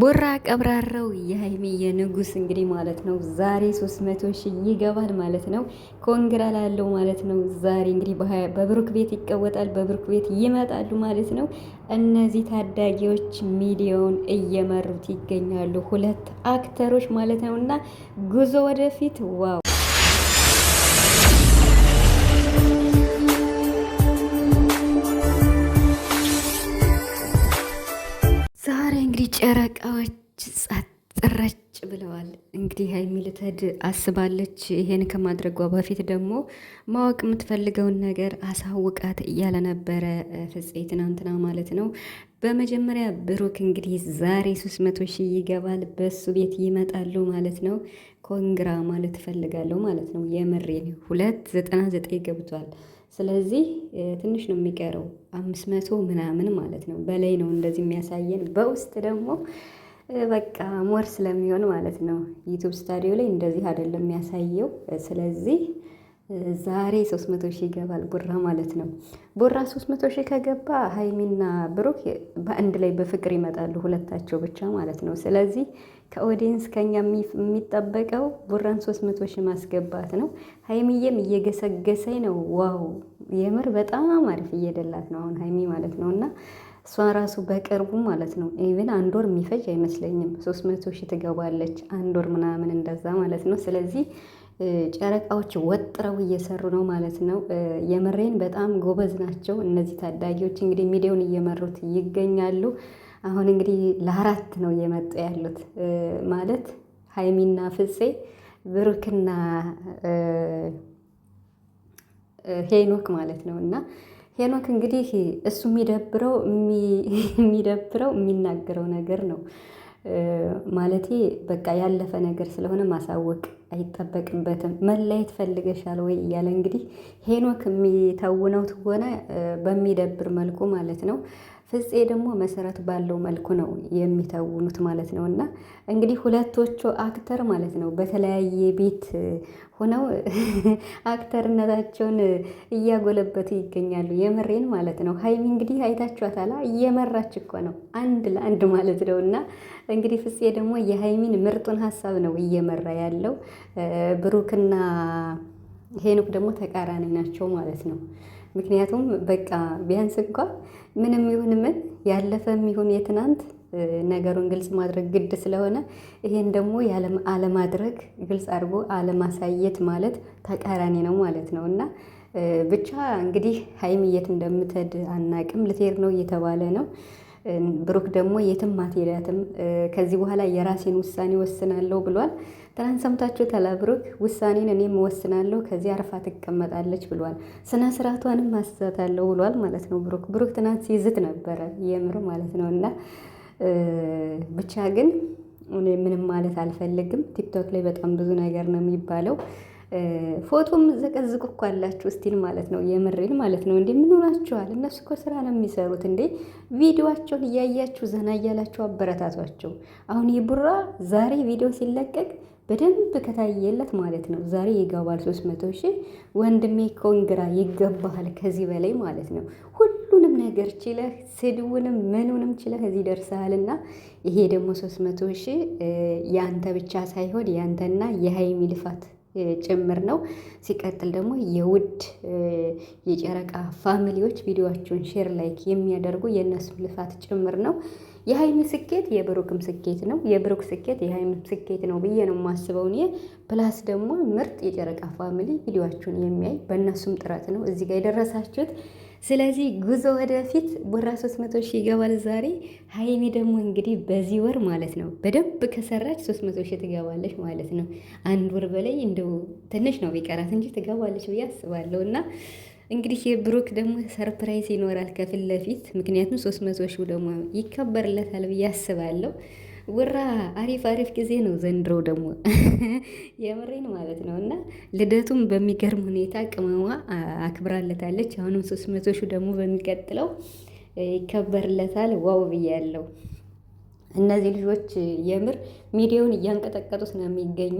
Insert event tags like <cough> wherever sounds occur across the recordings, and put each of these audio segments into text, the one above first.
ቡራ ቀብራረው የሀይሚ የንጉስ እንግዲህ ማለት ነው ዛሬ 300 ሺህ ይገባል ማለት ነው። ኮንግራ ላለው ማለት ነው ዛሬ እንግዲህ በብሩክ ቤት ይቀወጣል፣ በብሩክ ቤት ይመጣሉ ማለት ነው። እነዚህ ታዳጊዎች ሚዲያውን እየመሩት ይገኛሉ ሁለት አክተሮች ማለት ነው እና ጉዞ ወደፊት ዋው እንግዲህ ጨረቃዎች ጥረጭ ብለዋል። እንግዲህ ሀይሚ ልትሄድ አስባለች። ይሄን ከማድረጓ በፊት ደግሞ ማወቅ የምትፈልገውን ነገር አሳውቃት እያለ ነበረ ፍፄ ትናንትና ማለት ነው። በመጀመሪያ ብሩክ እንግዲህ ዛሬ 300 መቶ ሺህ ይገባል። በሱ ቤት ይመጣሉ ማለት ነው። ኮንግራ ማለት እፈልጋለሁ ማለት ነው። የምሬን 299 ዘጠና ገብቷል። ስለዚህ ትንሽ ነው የሚቀረው 500 መቶ ምናምን ማለት ነው። በላይ ነው እንደዚህ የሚያሳየን በውስጥ ደግሞ በቃ ሞር ስለሚሆን ማለት ነው። ዩቱብ ስታዲዮ ላይ እንደዚህ አይደለም የሚያሳየው። ስለዚህ ዛሬ 300 ሺህ ይገባል ቡራ ማለት ነው። ቡራ 300 ሺህ ከገባ ሀይሚና ብሩክ በአንድ ላይ በፍቅር ይመጣሉ ሁለታቸው ብቻ ማለት ነው። ስለዚህ ከኦዲየንስ ከኛ የሚጠበቀው ቡራን 300 ሺህ ማስገባት ነው። ሀይሚዬም እየገሰገሰኝ ነው። ዋው የምር በጣም አሪፍ እየደላት ነው አሁን ሀይሚ ማለት ነው እና እሷ ራሱ በቅርቡ ማለት ነው ኢቨን አንድ ወር የሚፈጅ አይመስለኝም 300 ሺህ ትገባለች። አንድ ወር ምናምን እንደዛ ማለት ነው። ስለዚህ ጨረቃዎች ወጥረው እየሰሩ ነው ማለት ነው። የምሬን በጣም ጎበዝ ናቸው እነዚህ ታዳጊዎች እንግዲህ ሚዲያውን እየመሩት ይገኛሉ። አሁን እንግዲህ ለአራት ነው እየመጡ ያሉት ማለት ሀይሚና ፍፄ ብሩክና ሄኖክ ማለት ነው እና ሄኖክ እንግዲህ እሱ የሚደብረው <laughs> የሚደብረው የሚናገረው ነገር ነው ማለቴ በቃ ያለፈ ነገር ስለሆነ ማሳወቅ አይጠበቅበትም። መለየት ፈልገሻል ወይ እያለ እንግዲህ ሄኖክ የሚተውነው ትወና በሚደብር መልኩ ማለት ነው። ፍፄ ደግሞ መሰረት ባለው መልኩ ነው የሚተውኑት ማለት ነው። እና እንግዲህ ሁለቶቹ አክተር ማለት ነው በተለያየ ቤት ሆነው <laughs> አክተርነታቸውን እያጎለበቱ ይገኛሉ። የምሬን ማለት ነው። ሀይሚ እንግዲህ አይታችኋታላ እየመራች እኮ ነው አንድ ለአንድ ማለት ነው። እና እንግዲህ ፍፄ ደግሞ የሀይሚን ምርጡን ሀሳብ ነው እየመራ ያለው። ብሩክና ሄኖክ ደግሞ ተቃራኒ ናቸው ማለት ነው። ምክንያቱም በቃ ቢያንስ እንኳ ምንም ይሁን ምን ያለፈም ይሁን የትናንት ነገሩን ግልጽ ማድረግ ግድ ስለሆነ ይሄን ደግሞ አለማድረግ ግልጽ አድርጎ አለማሳየት ማለት ተቃራኒ ነው ማለት ነው። እና ብቻ እንግዲህ ሀይሚ የት እንደምትሄድ አናቅም። ልትሄድ ነው እየተባለ ነው። ብሩክ ደግሞ የትም አትሄዳትም፣ ከዚህ በኋላ የራሴን ውሳኔ ወስናለሁ ብሏል። ትናንት ሰምታችሁ ተላ ብሩክ ውሳኔን እኔም ወስናለሁ፣ ከዚህ አርፋ ትቀመጣለች ብሏል። ስነ ስርዓቷንም አስዛታለሁ ብሏል ማለት ነው። ብሩክ ብሩክ ትናንት ሲዝት ነበረ የምር ማለት ነው። እና ብቻ ግን ምንም ማለት አልፈልግም። ቲክቶክ ላይ በጣም ብዙ ነገር ነው የሚባለው። ፎቶም ዘቀዝቁ እኮ አላችሁ ስቲል ማለት ነው። የምሬን ማለት ነው። እንዴ ምን ሆናችኋል? እነሱ እኮ ስራ ነው የሚሰሩት። እንዴ ቪዲዮቸውን እያያችሁ ዘና እያላችሁ አበረታቷቸው። አሁን ይቡራ ዛሬ ቪዲዮ ሲለቀቅ በደንብ ከታየለት ማለት ነው ዛሬ ይገባል ሶስት መቶ ሺህ ወንድሜ ኮንግራ ይገባሃል፣ ከዚህ በላይ ማለት ነው ሁሉንም ነገር ችለህ ስድውንም ምኑንም ችለህ እዚህ ደርሰሃልና ይሄ ደግሞ ሶስት መቶ ሺህ የአንተ ብቻ ሳይሆን ያንተና የሀይሚ ልፋት ጭምር ነው። ሲቀጥል ደግሞ የውድ የጨረቃ ፋሚሊዎች ቪዲዮቸውን ሼር ላይክ የሚያደርጉ የእነሱ ልፋት ጭምር ነው። የሀይሚ ስኬት የብሩክም ስኬት ነው፣ የብሩክ ስኬት የሀይሚም ስኬት ነው ብዬ ነው የማስበው እኔ። ፕላስ ደግሞ ምርጥ የጨረቃ ፋሚሊ ቪዲዮቸውን የሚያይ በእነሱም ጥረት ነው እዚህ ጋር የደረሳችሁት። ስለዚህ ጉዞ ወደፊት ቦራ 300 ሺህ ይገባል ዛሬ። ሀይሚ ደግሞ እንግዲህ በዚህ ወር ማለት ነው በደንብ ከሰራች 300 ሺህ ትገባለች ማለት ነው። አንድ ወር በላይ እንደው ትንሽ ነው ቢቀራት እንጂ ትገባለች ብዬ አስባለሁ እና እንግዲህ የብሩክ ደግሞ ሰርፕራይዝ ይኖራል ከፊት ለፊት ምክንያቱም 300 ሺህ ደግሞ ይከበርለታል ብዬ አስባለሁ። ውራ አሪፍ አሪፍ ጊዜ ነው ዘንድሮ ደግሞ <laughs> የምሬን ማለት ነው። እና ልደቱም በሚገርም ሁኔታ ቅመሟ አክብራለታለች። አሁንም ሶስት መቶ ሺህ ደግሞ በሚቀጥለው ይከበርለታል። ዋው ብያለሁ። እነዚህ ልጆች የምር ሚዲያውን እያንቀጠቀጡት ነው የሚገኙ።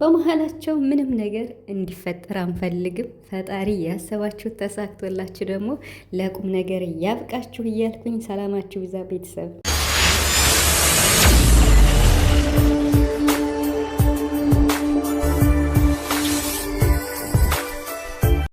በመሀላቸው ምንም ነገር እንዲፈጠር አንፈልግም። ፈጣሪ ያሰባችሁ ተሳክቶላችሁ ደግሞ ለቁም ነገር ያብቃችሁ እያልኩኝ ሰላማችሁ ብዛ ቤተሰብ